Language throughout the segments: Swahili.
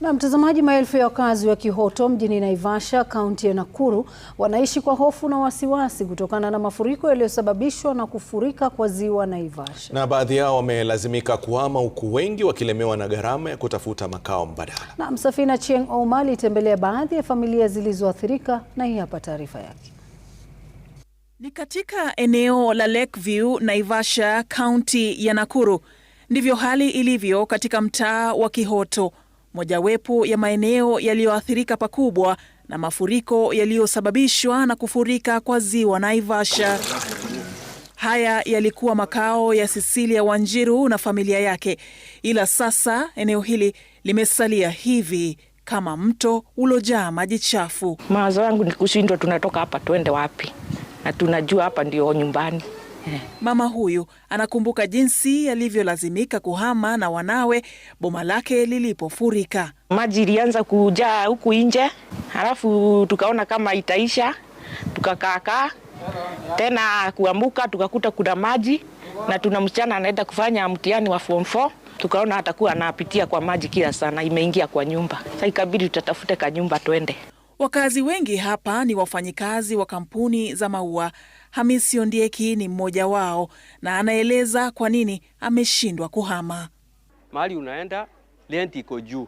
Na mtazamaji, maelfu ya wakazi wa Kihoto mjini Naivasha, kaunti ya Nakuru, wanaishi kwa hofu na wasiwasi kutokana na mafuriko yaliyosababishwa na kufurika kwa ziwa Naivasha, na baadhi yao wamelazimika kuhama, huku wengi wakilemewa na gharama ya kutafuta makao mbadala. Na Msafina Cheng Ouma alitembelea baadhi ya familia zilizoathirika na hii hapa taarifa yake. Ni katika eneo la View, Naivasha, kaunti ya Nakuru, ndivyo hali ilivyo katika mtaa wa Kihoto mojawapo ya maeneo yaliyoathirika pakubwa na mafuriko yaliyosababishwa na kufurika kwa ziwa Naivasha. Haya yalikuwa makao ya Sisilia Wanjiru na familia yake, ila sasa eneo hili limesalia hivi kama mto ulojaa maji chafu. Mawazo yangu ni kushindwa, tunatoka hapa tuende wapi? Na tunajua hapa ndio nyumbani. Mama huyu anakumbuka jinsi alivyolazimika kuhama na wanawe boma lake lilipofurika. Maji ilianza kujaa huku nje, halafu tukaona kama itaisha, tukakaakaa tena kuambuka, tukakuta kuna maji na tuna msichana anaenda kufanya mtihani wa form 4 tukaona atakuwa anapitia kwa maji kila sana, imeingia kwa nyumba. Sa ikabidi tutatafute ka nyumba twende Wakazi wengi hapa ni wafanyikazi wa kampuni za maua. Hamisi Ondieki ni mmoja wao na anaeleza kwa nini ameshindwa kuhama. Mahali unaenda renti iko juu,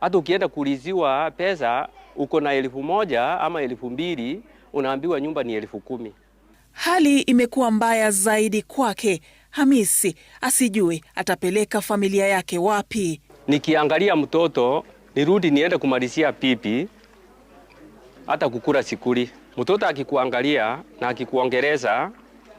hata ukienda kuliziwa pesa, uko na elfu moja ama elfu mbili unaambiwa nyumba ni elfu kumi. Hali imekuwa mbaya zaidi kwake Hamisi, asijue atapeleka familia yake wapi. Nikiangalia mtoto nirudi niende kumalizia pipi hata kukula sikuli. Mtoto akikuangalia na akikuongeleza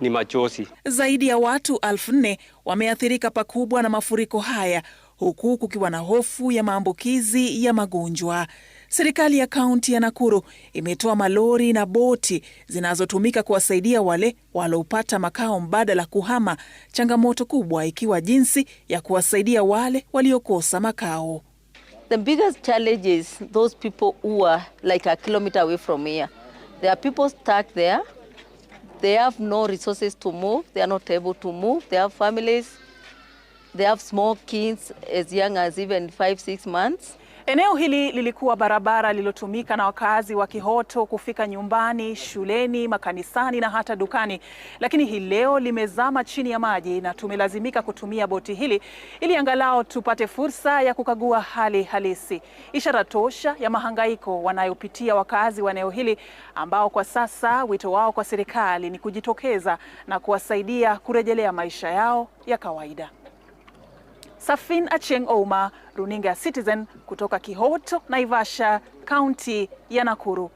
ni machozi. Zaidi ya watu elfu nne wameathirika pakubwa na mafuriko haya huku kukiwa na hofu ya maambukizi ya magonjwa. Serikali ya kaunti ya Nakuru imetoa malori na boti zinazotumika kuwasaidia wale waliopata makao mbadala kuhama, changamoto kubwa ikiwa jinsi ya kuwasaidia wale waliokosa makao. The biggest challenge is those people who are like a kilometer away from here. There are people stuck there. They have no resources to move. They are not able to move. They have families. They have small kids as young as even five, six months. Eneo hili lilikuwa barabara lililotumika na wakazi wa Kihoto kufika nyumbani, shuleni, makanisani na hata dukani, lakini hii leo limezama chini ya maji na tumelazimika kutumia boti hili ili angalau tupate fursa ya kukagua hali halisi, ishara tosha ya mahangaiko wanayopitia wakazi wa eneo hili ambao kwa sasa wito wao kwa serikali ni kujitokeza na kuwasaidia kurejelea maisha yao ya kawaida. Safin Achieng Ouma, runinga ya Citizen kutoka Kihoto, Naivasha, kaunti ya Nakuru.